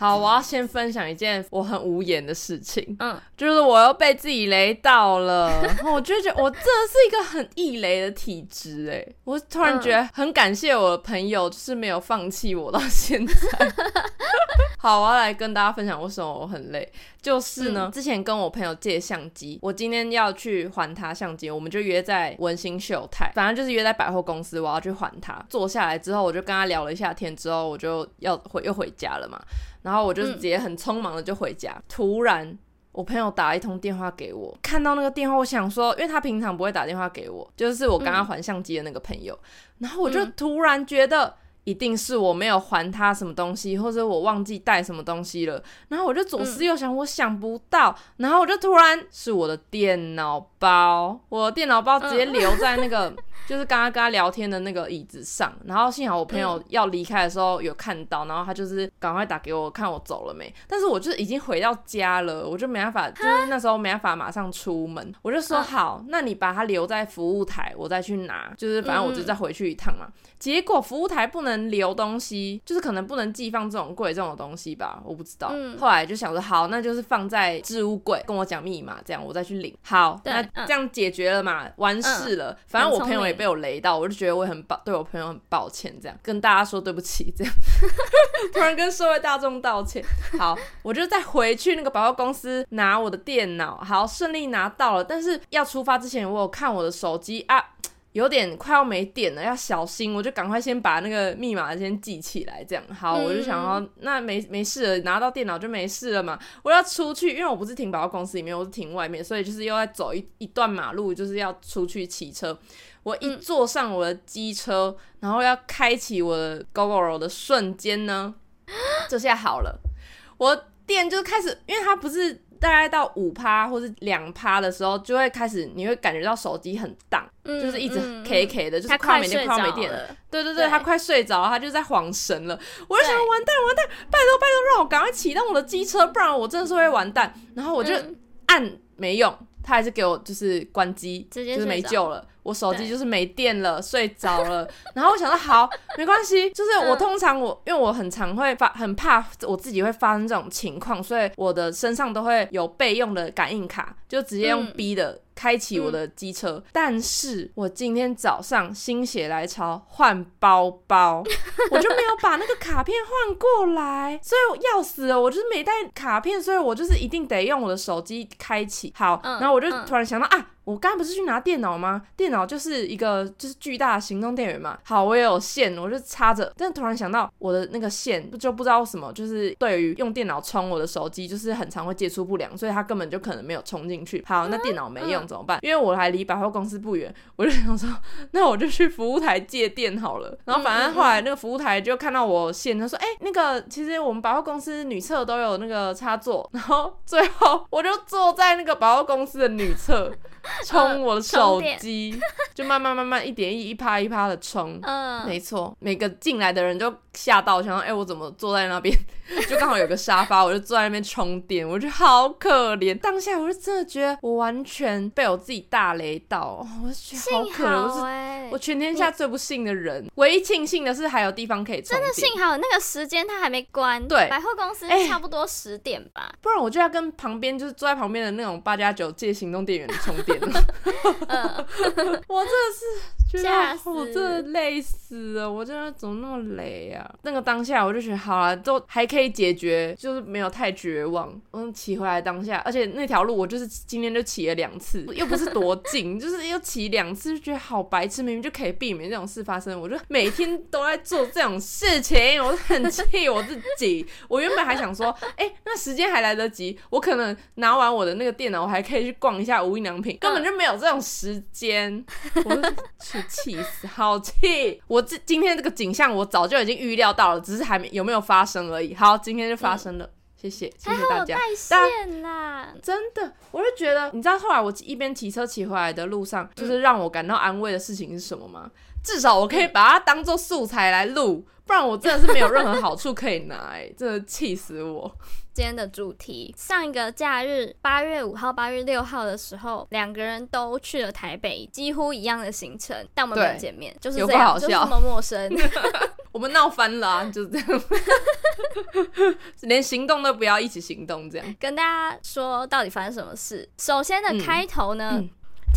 好，我要先分享一件我很無言的事情，嗯，就是我又被自己雷到了，然後我就覺得我真的是一個很易雷的體質哎、欸，我突然覺得很感謝我的朋友，就是沒有放棄我到現在。嗯、 好，我要來跟大家分享為什麼我很累，就是呢，嗯、之前跟我朋友借相機，我今天要去還他相機，我們就約在文心秀泰，反正就是約在百貨公司，我要去還他。坐下來之後，我就跟他聊了一下天，之後我就要回又回家了嘛。然後我就直接很匆忙的就回家。嗯、突然，我朋友打了一通電話給我，看到那個電話，我想說，因為他平常不會打電話給我，就是我剛剛還相機的那個朋友。嗯、然後我就突然覺得，一定是我沒有還他什麼東西，或者我忘記帶什麼東西了。然後我就左思右想，我想不到。嗯、然後我就突然，是我的電腦包，我的電腦包直接留在那個。嗯 就是剛剛跟他聊天的那個椅子上，然後幸好我朋友要離開的時候有看到，然後他就是趕快打給我看我走了沒，但是我就是已經回到家了，我就沒辦法，就是那時候沒辦法馬上出門，我就說好，那你把它留在服務台，我再去拿，就是反正我就再回去一趟嘛。嗯、結果服務台不能留東西，就是可能不能寄放這種櫃這種東西吧，我不知道。嗯、後來就想說好，那就是放在置物櫃，跟我講密碼，這樣我再去領。好，對那這樣解決了嘛，嗯、完事了。嗯、反正我朋友。被我雷到，我就覺得我很抱對，我朋友很抱歉，這樣跟大家說對不起，這樣 突然跟社會大眾道歉。好，我就再回去那個保鏢公司拿我的電腦，好順利拿到了。但是要出發之前，我有看我的手機啊，有點快要沒電了，要小心。我就趕快先把那個密碼先記起來，這樣好。我就想說，那沒沒事了，拿到電腦就沒事了嘛。我要出去，因為我不是停保鏢公司裡面，我是停外面，所以就是又在走一一段馬路，就是要出去騎車。我一坐上我的機車，嗯、然後要開啟我的 Gogoro 的瞬間呢，這下 好了，我的電就開始，因為它不是大概到五趴或是兩趴的時候，就會開始，你會感覺到手機很盪，嗯、就是一直 K K 的，嗯、就是快沒電快沒電了。對對對，對，他快睡着，他就在恍神了。我就想完蛋，對完蛋，拜託拜託，讓我趕快啟動我的機車，不然我真的是會完蛋。然後我就按、嗯、沒用。他還是給我就是關機，直接就是沒救了。我手機就是沒電了，對睡着了。然後我想說，好， 沒關係，就是我通常我、嗯、因為我很常會發，很怕我自己會發生這種情況，所以我的身上都會有備用的感應卡，就直接用 B 的。嗯開啟我的機車，嗯、但是我今天早上心血來潮換包包， 我就沒有把那個卡片換過來，所以要死了，我就是沒帶卡片，所以我就是一定得用我的手機開啟。好，嗯、然後我就突然想到、嗯、啊。我剛才不是去拿電腦嗎？電腦就是一個就是巨大的行動電源嘛。好，我也有線，我就插着。但突然想到我的那個線不就不知道為什麼，就是對於用電腦充我的手機，就是很常會接觸不良，所以它根本就可能沒有充進去。好，那電腦沒用怎麼辦？嗯嗯、因為我還離百貨公司不遠，我就想說，那我就去服務台借電好了。然後反正後來那個服務台就看到我線，他說：“哎、欸，那個其實我們百貨公司女廁都有那個插座。”然後最後我就坐在那個百貨公司的女廁。 充我的手機，呃、 就慢慢慢慢一點一，一趴一趴的充。嗯，沒錯，每個進來的人就嚇到，想說，哎、欸，我怎麼坐在那邊？就剛好有個沙發， 我就坐在那邊充電，我覺得好可憐。當下我就真的覺得，我完全被我自己大雷到，我覺得好可憐。我全天下最不幸的人，你唯一慶幸的是還有地方可以充電。真的幸好那個時間它還沒關，對，百貨公司差不多十點吧？欸，不然我就要跟旁邊就是坐在旁邊的那種八加九借行動電源充電了。我真的是。我真的這累死了！我真的怎麼那麼累啊？那個當下我就覺得好了、啊，都還可以解決，就是沒有太絕望。我就，騎回來當下，而且那條路我就是今天就騎了兩次，又不是多近，就是又騎兩次就覺得好白痴，明明就可以避免這種事發生。我就每天都在做這種事情，我很氣我自己。我原本還想說，哎、欸，那時間還來得及，我可能拿完我的那個電腦，我還可以去逛一下無印良品，根本就沒有這種時間。我。就。氣死，好氣！我這今天這個景象，我早就已經預料到了，只是還沒有沒有發生而已。好，今天就發生了，嗯、謝謝，謝謝大家。再見啦，真的，我就覺得，你知道後來我一邊騎車騎回來的路上，就是讓我感到安慰的事情是什麼嗎？嗯、至少我可以把它當做素材來錄。不然我真的是沒有任何好處可以拿欸，哎，真的氣死我！今天的主題，上一個假日八月五號、八月六號的時候，兩個人都去了台北，幾乎一樣的行程，但我們沒有見面，就是最好笑，就這麼陌生。我們鬧翻了，就是這樣，連行動都不要一起行動，這樣。跟大家說，到底發生什麼事？首先的開頭呢？嗯嗯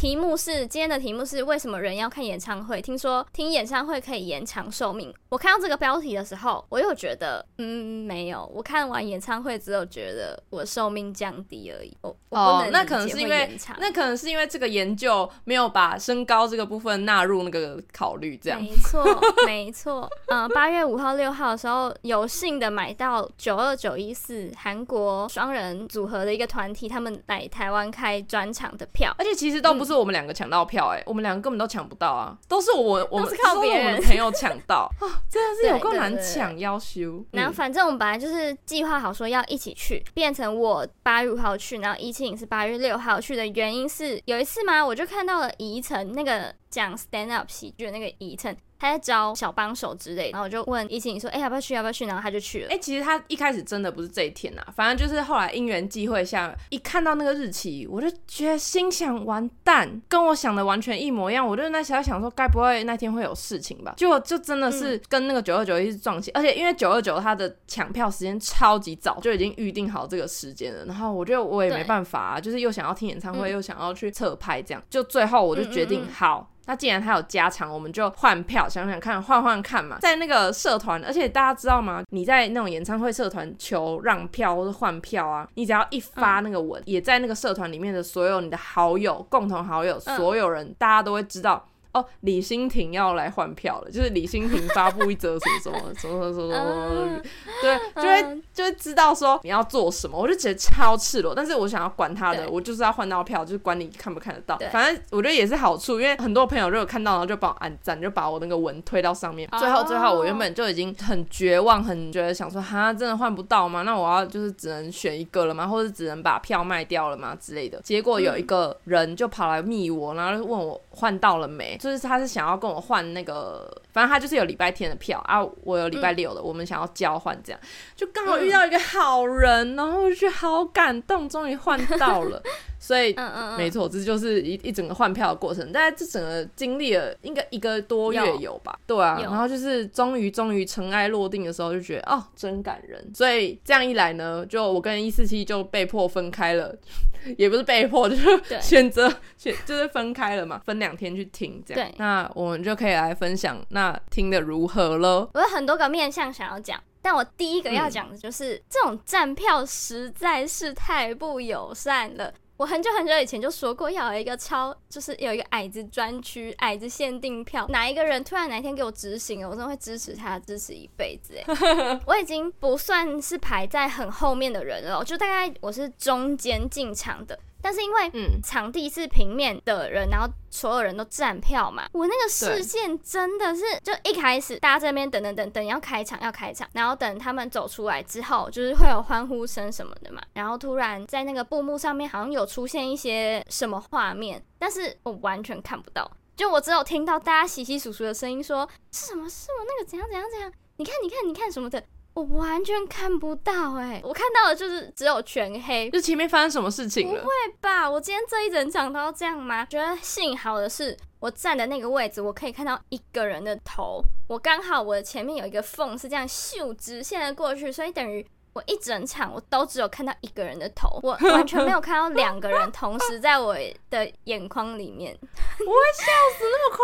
題目是今天的題目是為什麼人要看演唱會？聽說聽演唱會可以延長壽命。我看到這個標題的時候，我又覺得，嗯，沒有。我看完演唱會只有覺得我壽命降低而已。我我不能。哦，那可能是因為那可能是因為這個研究沒有把身高這個部分納入那個考慮，這樣。沒錯沒錯。 嗯，八月五號六號的時候，有幸的買到九二九一四韓國雙人組合的一個團體，他們來台灣開專場的票，而且其實都不是、嗯。是我們兩個搶到票，哎、欸，我們兩個根本都搶不到啊，都是我，我是靠人是我們的朋友搶到、 啊、真的是有夠難搶，要修。然後反正我們本來就是計劃好、嗯、好說要一起去，變成我八月五號去，然後147是八月六號去的原因是有一次嘛，我就看到了怡岑那個講 stand up 喜劇的那個怡岑。他在找小幫手之類，然後我就問怡岑說，哎、欸，要不要去？要不要去？然後他就去了。哎、欸，其實他一開始真的不是這一天吶、啊，反正就是後來因緣際會下，下一看到那個日期，我就覺得心想完蛋，跟我想的完全一模一樣。我就那時候想說，該不會那天會有事情吧？就我就真的是跟那個九二九一起撞期、嗯、而且因為九二九他的搶票時間超級早，就已經預定好這個時間了。然後我就我也沒辦法、啊、對就是又想要聽演唱會，嗯、又想要去側拍，這樣，就最後我就決定嗯嗯嗯好。那既然他有加場，我們就換票，想想看，換換看嘛。在那個社團，而且大家知道嗎？你在那種演唱會社團求讓票或者換票啊，你只要一發那個文，嗯、也在那個社團裡面的所有你的好友、共同好友、嗯、所有人，大家都會知道。哦，李欣婷要來換票了，就是李欣婷發布一則什麼什麼的， 什麼什麼什麼什麼，什 對，就會 就會知道說你要做什麼，我就覺得超赤裸，但是我想要管他的，對我就是要換到票，就是管你看不看得到，對反正我覺得也是好處，因為很多朋友如果看到，然後就把我咱就把我那個文推到上面。對最後最後，我原本就已經很絕望，很覺得想說哈，真的換不到嗎？那我要就是只能選一個了嗎？或者只能把票賣掉了嗎？之類的。結果有一個人就跑來密我，然後就問我換到了沒。就是他是想要跟我換那個，反正他就是有禮拜天的票啊，我有禮拜六的，嗯、我們想要交換，這樣就剛好遇到一個好人，嗯、然後我就覺得好感動，終於換到了。 所以沒，沒錯嗯嗯嗯，這就是一一整個換票的過程。大家這整個經歷了應該一個多月有吧？有對啊。有然後就是終於終於塵埃落定的時候，就覺得哦，真感人。所以這樣一來呢，就我跟一四七就被迫分開了， 也不是被迫，就是對選擇選，就是分開了嘛。分兩天去聽，這樣。對。那我們就可以來分享，那聽得如何咯？我有很多個面向想要講，但我第一個要講的就是、嗯、這種站票實在是太不友善了。我很久很久以前就說過，要有一個超，就是有一個矮子專區，矮子限定票。哪一個人突然哪一天給我執行了，我真的會支持他，支持一輩子。哎， 我已經不算是排在很後面的人了，就大概我是中間進場的。但是因為嗯，場地是平面的人，嗯、然後所有人都站票嘛，我那個視線真的是就一開始大家這邊等等等等，等要開場要開場，然後等他們走出來之後，就是會有歡呼聲什麼的嘛，然後突然在那個布幕上面好像有出現一些什麼畫面，但是我完全看不到，就我只有聽到大家窸窸窣窣的聲音說是什麼事嗎？那個怎樣怎樣怎樣？你看你看你看什麼的？我完全看不到哎、欸，我看到的就是只有全黑，就前面發生什麼事情？不會吧，我今天這一整場都要這樣嗎？覺得幸好的是我站的那個位置，我可以看到一個人的頭，我剛好我的前面有一個縫是這樣繡直線的過去，所以等於我一整場我都只有看到一個人的頭，我完全沒有看到兩個人同時在我的眼眶裡面， 我會笑死，那麼誇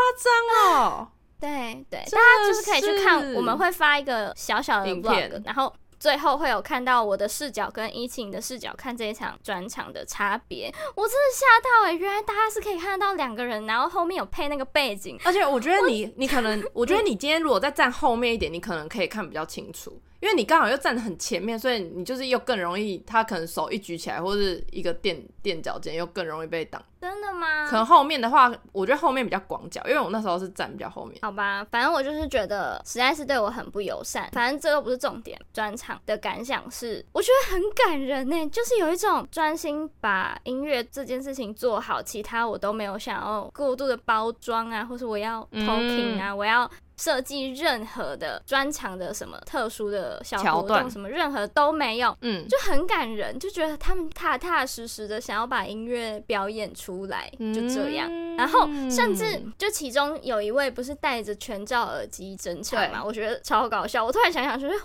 張哦！對對，對是大家就是可以去看，我們會發一個小小的 vlog, 影片，然後最後會有看到我的視角跟怡岑的視角看這一場專場的差別。我真的嚇到哎、欸，原來大家是可以看得到兩個人，然後後面有配那個背景，而且我覺得你我你可能， 我覺得你今天如果再站後面一點，你可能可以看比較清楚，因為你剛好又站得很前面，所以你就是又更容易，他可能手一舉起來或是一個墊墊腳尖，又更容易被擋。真的嗎？可能後面的話，我覺得後面比較廣角，因為我那時候是站比較後面。好吧，反正我就是覺得，實在是對我很不友善。反正這個不是重點，專場的感想是，我覺得很感人呢、欸，就是有一種專心把音樂這件事情做好，其他我都沒有想要過度的包裝啊，或是我要 talking 啊，嗯、我要設計任何的專場的什麼特殊的小活動什麼，段任何都沒有，嗯，就很感人，就覺得他們踏踏實實的想要把音樂表演出來，就這樣。嗯、然後甚至就其中有一位不是戴着全罩耳機整場嘛，對我覺得超搞笑。我突然想想說哇。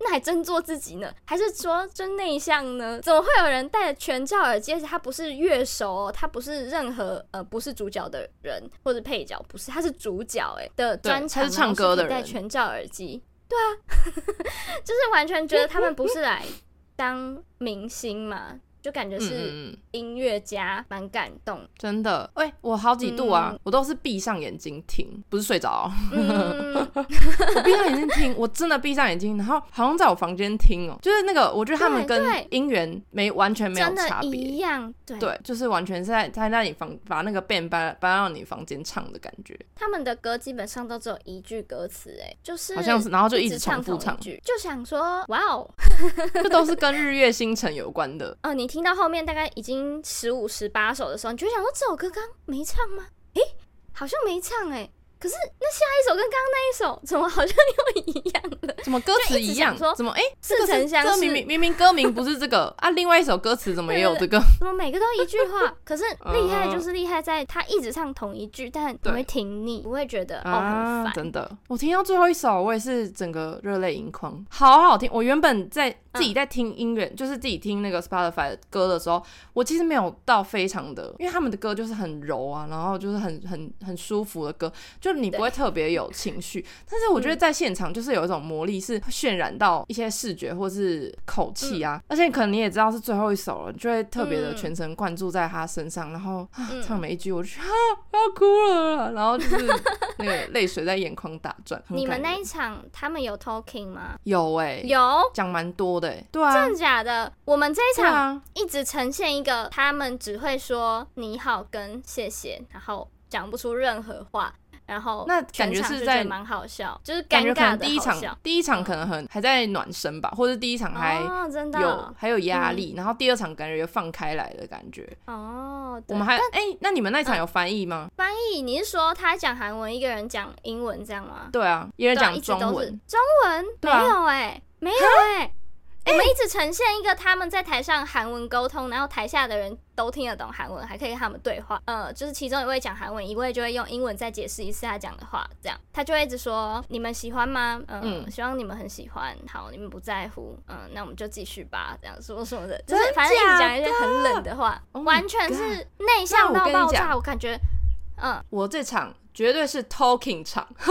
那還真做自己呢，還是說真內向呢？怎麼會有人戴全罩耳機？而且他不是樂手哦，他不是任何呃，不是主角的人或者配角，不是，他是主角哎、欸、的專場，他是唱歌的人，戴全罩耳機。對啊， 就是完全覺得他們不是來當明星嘛。就感覺是音樂家，蠻、嗯、感動，真的。哎、欸，我好幾度啊，嗯、我都是閉上眼睛聽，不是睡着、啊。 我閉上眼睛聽，我真的閉上眼睛，然後好像在我房間聽哦、喔。就是那個，我覺得他們跟音源沒對完全沒有差別一樣，對，對，就是完全是在在那你房把那個 band 搬搬到你房間唱的感覺。他們的歌基本上都只有一句歌詞，哎，就是好像是，然後就一直重複唱，就想說哇哦，這 都是跟日月星辰有關的哦、呃，你。聽到後面大概已經十五、十八首的時候，你就想說這首歌剛沒唱嗎？誒、欸，好像沒唱誒、欸。可是那下一首跟剛剛那一首怎麼好像又一樣了？怎麼歌詞一樣？一說怎麼誒？似曾相識？明明明明歌名不是這個 啊，另外一首歌詞怎麼也有這個對對對？怎麼每個都一句話？ 可是厲害就是厲害在他一直唱同一句，但不會聽膩，對不會覺得、啊、哦很煩。真的，我聽到最後一首，我也是整個熱淚盈眶，好，好好聽。我原本在。自己在聽音樂，嗯、就是自己聽那個 Spotify 的歌的時候，我其實沒有到非常的，因為他們的歌就是很柔啊，然後就是很很很舒服的歌，就你不會特別有情緒。對但是我覺得在現場就是有一種魔力，是渲染到一些視覺或是口氣啊，嗯、而且可能你也知道是最後一首了，就會特別的全程灌注在他身上，嗯、然後、啊、唱每一句，我就哈、啊、要哭了啦，然後就是那個淚水在眼眶打轉。你們那一場他們有 talking 嗎？有誒、欸，有講蠻多的。對，真假的，我們這一場一直呈現一個，他們只會說你好跟謝謝，然後講不出任何話，然後那感覺是在蠻好笑，就是感覺可能第一場第一場可能很還在暖身吧，或者第一場還有還有壓力，然後第二場感覺又放開來的感覺哦。我們還哎，那你們那一場有翻譯嗎？翻譯，你是說他講韓文，一個人講英文這樣嗎？對啊，一人講中文，中文沒有哎，沒有哎。欸、我們一直呈現一個他們在台上韓文溝通，然後台下的人都聽得懂韓文，還可以跟他們對話。呃，就是其中一位講韓文，一位就會用英文再解釋一次他講的話，這樣。他就會一直說：“你們喜歡嗎？”呃、嗯，希望你們很喜歡。好，你們不在乎。嗯、呃，那我們就繼續吧。這樣說什麼的，就是反正一直講一些很冷的話，真假的？Oh my God, 完全是內向到爆炸。我跟你講，我感覺。嗯，我這場絕對是 talking 場，啊、他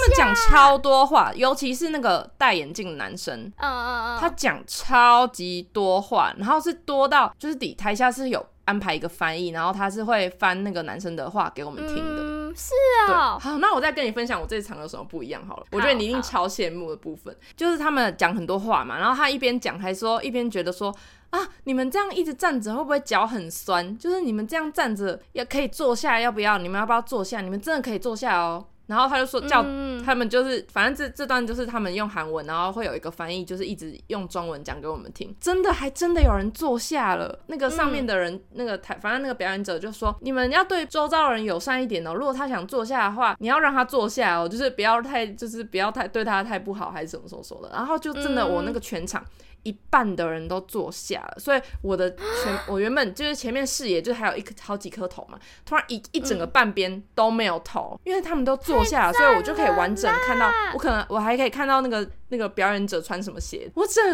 們講超多話，尤其是那個戴眼鏡的男生，嗯嗯嗯、他講超級多話，然後是多到就是底台下是有安排一個翻譯，然後他是會翻那個男生的話給我們聽的。嗯、是啊、哦，好，那我再跟你分享我這場有什麼不一樣好了。好好，我覺得你一定超羨慕的部分就是他們講很多話嘛，然後他一邊講還說一邊覺得說。啊！你們這樣一直站着會不會腳很酸？就是你們這樣站着也可以坐下，要不要？你們要不要坐下？你們真的可以坐下哦。然後他就說叫他們，就是、嗯、反正這這段就是他們用韓文，然後會有一個翻譯，就是一直用中文講給我們聽。真的還真的有人坐下了。那個上面的人，嗯、那個台，反正那個表演者就說：你們要對周遭的人友善一點哦。如果他想坐下的話，你要讓他坐下哦，就是不要太，就是不要太對他太不好，還是怎麼說說的。然後就真的，我那個全場。嗯一半的人都坐下了，所以我的前我原本就是前面視野就還有一顆好幾顆頭嘛，突然一一整個半邊都沒有頭，嗯、因為他們都坐下了，了所以我就可以完整看到，我可能我還可以看到那個那個表演者穿什麼鞋。我真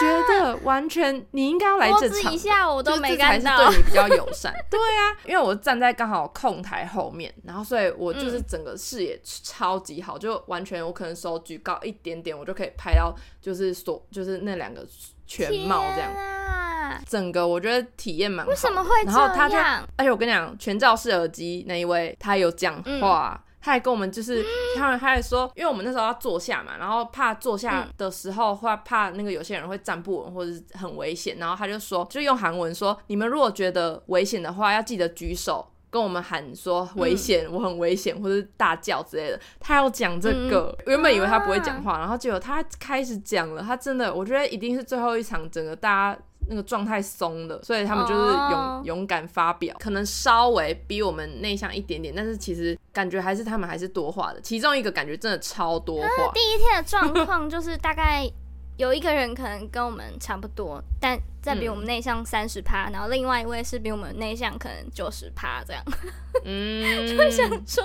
覺得完全你應該要來這場。場，多指一下我都沒看到。就是這才是對你比較友善。 對啊，因為我站在剛好控台後面，然後所以我就是整個視野超級好，嗯、就完全我可能手舉高一點點，我就可以拍到。就是所就是那兩個全貌這樣，啊、整個我覺得體驗蠻好的。為什麼會這樣？而且、欸、我跟你講，全罩式耳機那一位他有講話，嗯、他還跟我們就是，他他還說，因為我們那時候要坐下嘛，然後怕坐下的時候話、嗯、怕那個有些人會站不穩或者很危險，然後他就說，就用韓文說，你們如果覺得危險的話，要記得舉手。跟我們喊說危險，嗯、我很危險，或者大叫之類的。他要講這個，嗯、原本以為他不會講話，嗯、然後結果他開始講了。他真的，我覺得一定是最後一場，整個大家那個狀態鬆的，所以他們就是勇、哦、勇敢發表，可能稍微比我們內向一點點，但是其實感覺還是他們還是多話的。其中一個感覺真的超多話。呃、第一天的狀況就是大概。 有一個人可能跟我們差不多，但在比我們內向三十趴，嗯、然後另外一位是比我們內向可能九十趴這樣，嗯， 就想說，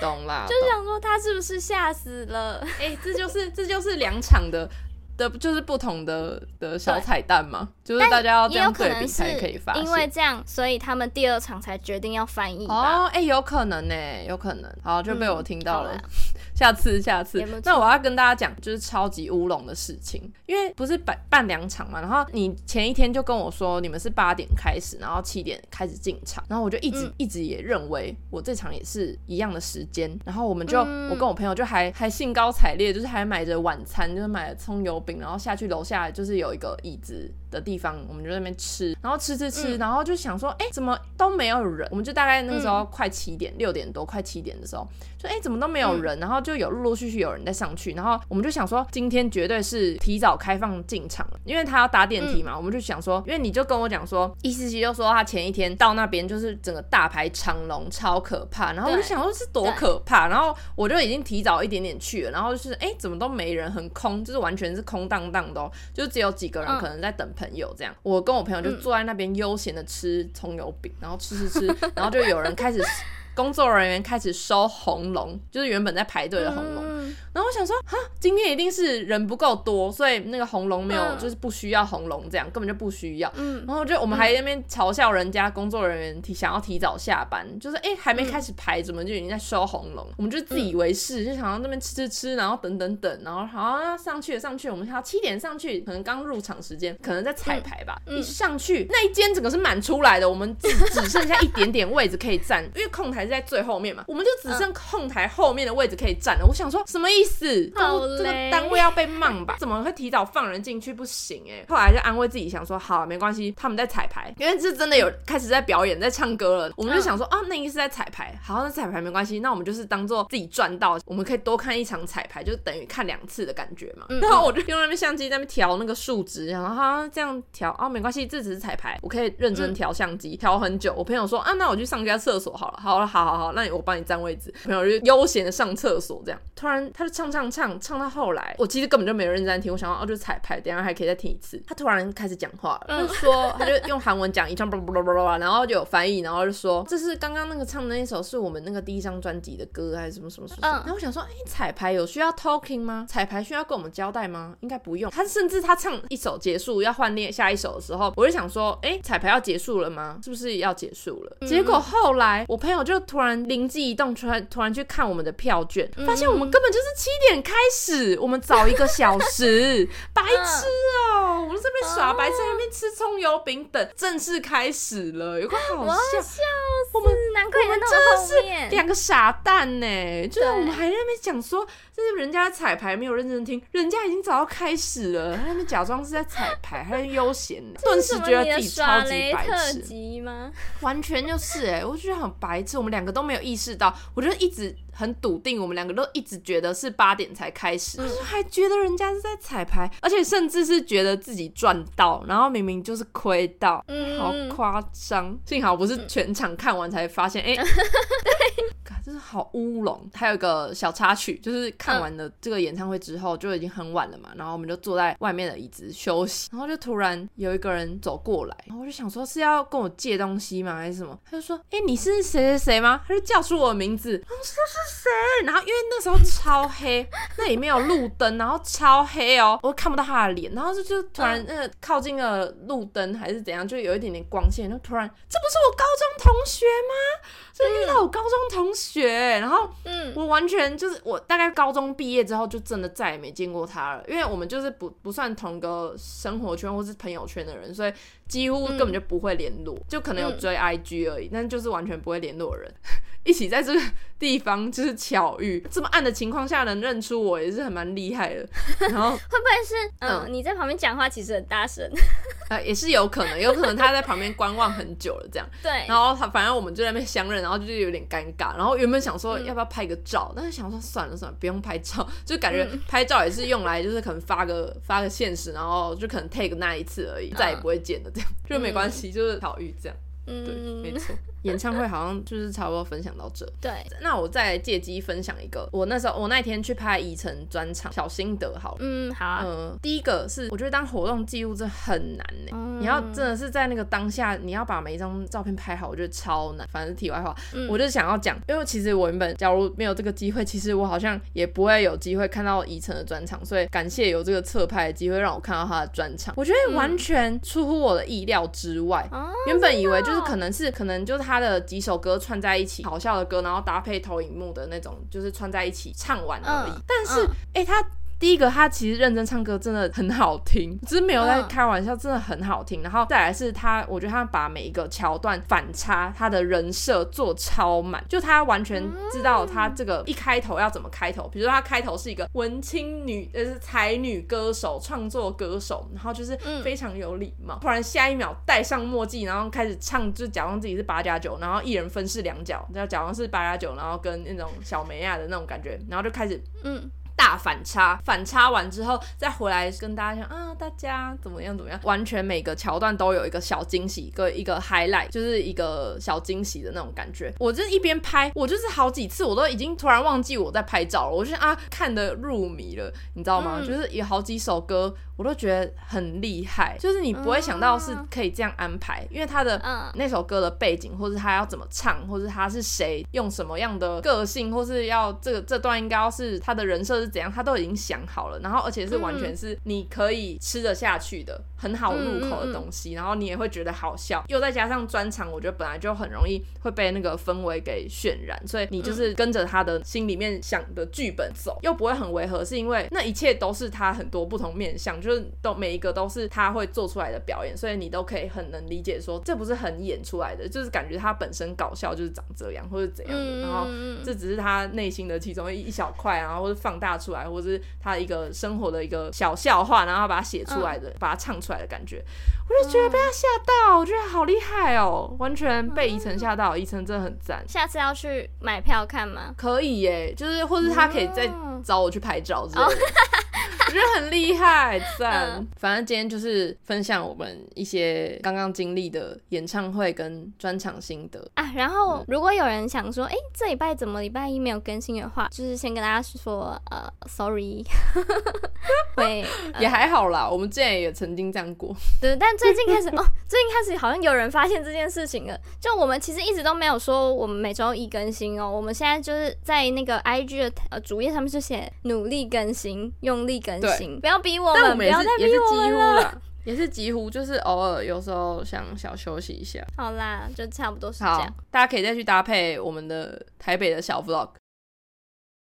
懂啦，就想說他是不是嚇死了？哎懂、欸，這就是這就是兩場的。 的就是不同的的小彩蛋嘛，對就是大家要這樣對比才可以發。因為這樣，所以他們第二場才決定要翻譯。哦，哎、欸，有可能呢，欸，有可能。好，就被我聽到了。嗯、 下次下次，下次。那我要跟大家講，就是超級烏龍的事情，因為不是辦辦兩場嘛，然後你前一天就跟我說你們是八點開始，然後七點開始進場，然後我就一直、嗯、一直也認為我這場也是一樣的時間，然後我們就、嗯、我跟我朋友就還還興高采烈，就是還買着晚餐，就是買了蔥油。然後下去樓下就是有一個椅子。的地方，我們就在那邊吃，然後吃吃吃，嗯、然後就想說，哎、欸，怎麼都沒有人？嗯、我們就大概那個時候快七點，六、嗯、點多，快七點的時候，就哎、欸、怎麼都沒有人？嗯、然後就有陸陸續續有人在上去，然後我們就想說，今天絕對是提早開放進場了，因為他要搭電梯嘛。嗯、我們就想說，因為你就跟我講說，伊思琪就說他前一天到那邊就是整個大排長龍，超可怕。然後我就想說是多可怕？對然後我就已經提早一點點去了，然後就是哎、欸、怎麼都沒人，很空，就是完全是空蕩蕩的、哦，就只有幾個人可能在等噴。嗯有這樣，我跟我朋友就坐在那邊悠閒的吃蔥油餅，嗯、然後吃吃吃，然後就有人開始， 工作人員開始收紅龍，就是原本在排隊的紅龍。嗯然後我想說，哈，今天一定是人不夠多，所以那個紅龍沒有，嗯、就是不需要紅龍，這樣根本就不需要。嗯。然後就我們還在那邊嘲笑人家工作人員提想要提早下班，就是哎還沒開始排，嗯、怎麼就已經在收紅龍？我們就自以為是，嗯、就想要那邊吃吃吃，然後等等等，然後好、啊、上去上去，我們還要七點上去，可能剛入場時間，可能在彩排吧。你、嗯、一上去那一間整個是滿出來的，我們只只剩下一點點位置可以站， 因為控台是在最後面嘛，我們就只剩控台後面的位置可以站了。我想說。什麼意思？都累這個單位要被罵吧？怎麼會提早放人進去？不行哎、欸！後來就安慰自己，想說好，沒關係，他們在彩排。因為這真的有開始在表演，嗯、在唱歌了。我們就想說啊，那一、個、該是在彩排。好，那彩排沒關係，那我們就是當做自己賺到，我們可以多看一場彩排，就等於看兩次的感覺嘛。嗯、然後我就用那邊相機那邊調那個數值，然後哈這樣調啊，沒關係，這只是彩排，我可以認真調相機，調、嗯、很久。我朋友說啊，那我去上一下廁所好了，好了，好好好，好，那我你我幫你占位置。我朋友就悠閒的上廁所，這樣突然。他就唱唱唱唱到後來，我其實根本就沒有認真聽。我想說，哦，就是彩排，等下還可以再聽一次。他突然開始講話了，就、嗯、說，他就用韓文講一串， 然後就有翻譯，然後就說這是剛剛那個唱的那一首是我們那個第一張專輯的歌還是什麼什麼什麼。嗯、然後我想說，哎、欸，彩排有需要 talking 嗎？彩排需要跟我們交代嗎？應該不用。他甚至他唱一首結束要換列下一首的時候，我就想說，哎、欸，彩排要結束了嗎？是不是要結束了？嗯、結果後來我朋友就突然靈機一動，突然突然去看我們的票券，嗯、發現我們根本。就是七點開始，我們早一個小時， 白痴哦、啊！我們這邊耍白痴，在那邊吃蔥油餅，等正式開始了。有個好笑，笑死我們，難怪我們真的是兩個傻蛋呢、欸。就是我們還在那邊講說。就是人家彩排，沒有認真聽，人家已經早要開始了，他們假裝是在彩排，還悠閒，頓時覺得自己超級白痴嗎？完全就是，哎，我覺得很白痴，我們兩個都沒有意識到，我就一直很篤定，我們兩個都一直覺得是八點才開始，嗯、我就還覺得人家是在彩排，而且甚至是覺得自己賺到，然後明明就是虧到，嗯，好誇張，幸好不是全場看完才發現，哎，真是好烏龍。還有一個小插曲就是。看完了這個演唱會之後，就已經很晚了嘛，然後我們就坐在外面的椅子休息，然後就突然有一個人走過來，然後我就想說是要跟我借東西嗎，還是什麼？他就說：“哎、欸，你是誰誰誰嗎？”他就叫出我的名字，啊，是是誰？然後因為那時候超黑， 那裡沒有路燈，然後超黑哦、喔，我看不到他的臉，然後就就突然呃靠近了路燈還是怎樣，就有一點點光線，就突然這不是我高中同學嗎？就遇到我高中同學，然後嗯，我完全就是我大概高中畢業之後就真的再也沒見過他了，因為我們就是不不算同個生活圈或是朋友圈的人，所以幾乎根本就不會聯絡，嗯、就可能有追 IG 而已，嗯、但就是完全不會聯絡的人。一起在這個地方就是巧遇，這麼暗的情況下能認出我也是很蠻厲害的。然後會不會是嗯，你在旁邊講話其實很大聲啊、呃，也是有可能，有可能他在旁邊觀望很久了這樣。對，然後他反正我們就在那邊相認，然後就是有點尷尬。然後原本想說要不要拍個照，嗯、但是想說算了算了，不用拍照，就感覺拍照也是用來就是可能發個發個現實，然後就可能 take 那一次而已，啊、再也不會見了這樣，就沒關係，嗯、就是巧遇這樣。嗯，對，沒錯。 演唱會好像就是差不多分享到這。對，那我再借機分享一個，我那時候我那一天去拍怡岑專場小心得好了、嗯，好、啊，嗯好，嗯，第一個是我覺得當活動記錄真的很難呢，嗯、你要真的是在那個當下，你要把每一張照片拍好，我覺得超難。反正是題外話，嗯、我就想要講，因為其實我原本假如沒有這個機會，其實我好像也不會有機會看到怡岑的專場，所以感謝有這個側拍的機會讓我看到他的專場，嗯、我覺得完全出乎我的意料之外。嗯、原本以為就是可能是、哦、可能就是他。他的幾首歌串在一起，好笑的歌，然後搭配投影幕的那種，就是串在一起唱完而已。嗯、但是，哎、嗯欸，他。第一個，他其實認真唱歌，真的很好聽，只是沒有在開玩笑，真的很好聽。然後再來是他，我覺得他把每一個橋段反差，他的人設做超滿，就他完全知道他這個一開頭要怎麼開頭。比如說他開頭是一個文青女，就是才女歌手，創作歌手，然後就是非常有禮貌。嗯、突然下一秒戴上墨鏡，然後開始唱，就假裝自己是八加九，9, 然後一人分飾兩角，你知道假裝是八加九，9, 然後跟那種小美亞的那種感覺，然後就開始嗯。大反差，反差完之後再回來跟大家講啊，大家怎麼樣怎麼樣，完全每個橋段都有一個小驚喜，一個一個 highlight，就是一個小驚喜的那種感覺。我就是一邊拍，我就是好幾次我都已經突然忘記我在拍照了，我就啊看得入迷了，你知道嗎？嗯、就是有好幾首歌我都覺得很厲害，就是你不會想到是可以這樣安排，嗯、因為他的、嗯、那首歌的背景，或者他要怎麼唱，或者他是誰，用什麼樣的個性，或是要這個這段應該要是他的人設是。怎樣，他都已經想好了，然後而且是完全是你可以吃得下去的很好入口的東西，然後你也會覺得好笑，又再加上專場，我覺得本來就很容易會被那個氛圍給渲染，所以你就是跟着他的心裡面想的劇本走，又不會很違和，是因為那一切都是他很多不同面向，就是都每一個都是他會做出來的表演，所以你都可以很能理解說這不是很演出來的，就是感覺他本身搞笑就是長這樣或者怎樣的，然後這只是他內心的其中一小塊，然後或者放大出來，或者是他一個生活的一個小笑話，然後他把他寫出來的，嗯、把他唱出來的感覺，我就覺得被他嚇到，嗯、我覺得好厲害哦、喔，完全被怡岑嚇到，怡岑、嗯、真的很讚。下次要去買票看嗎？可以耶、欸，就是或是他可以再找我去拍照之類的。哦哦 真的 很厲害，讚、嗯！反正今天就是分享我們一些剛剛經歷的演唱會跟專場心得啊。然後、嗯、如果有人想說，哎、欸，這禮拜怎麼禮拜一沒有更新的話，就是先跟大家說，呃，sorry。對， 呃、也還好啦，我們之前也曾經這樣過。對，但最近開始 哦，最近開始好像有人發現這件事情了。就我們其實一直都沒有說我們每周一更新哦，我們現在就是在那個 IG 的呃主頁上面是寫努力更新，用力更新。對不要逼我，我們，不要再逼我們了，也是幾乎 就是偶爾，有時候想小休息一下。好啦，就差不多是這樣。好，大家可以再去搭配我們的台北的小 vlog。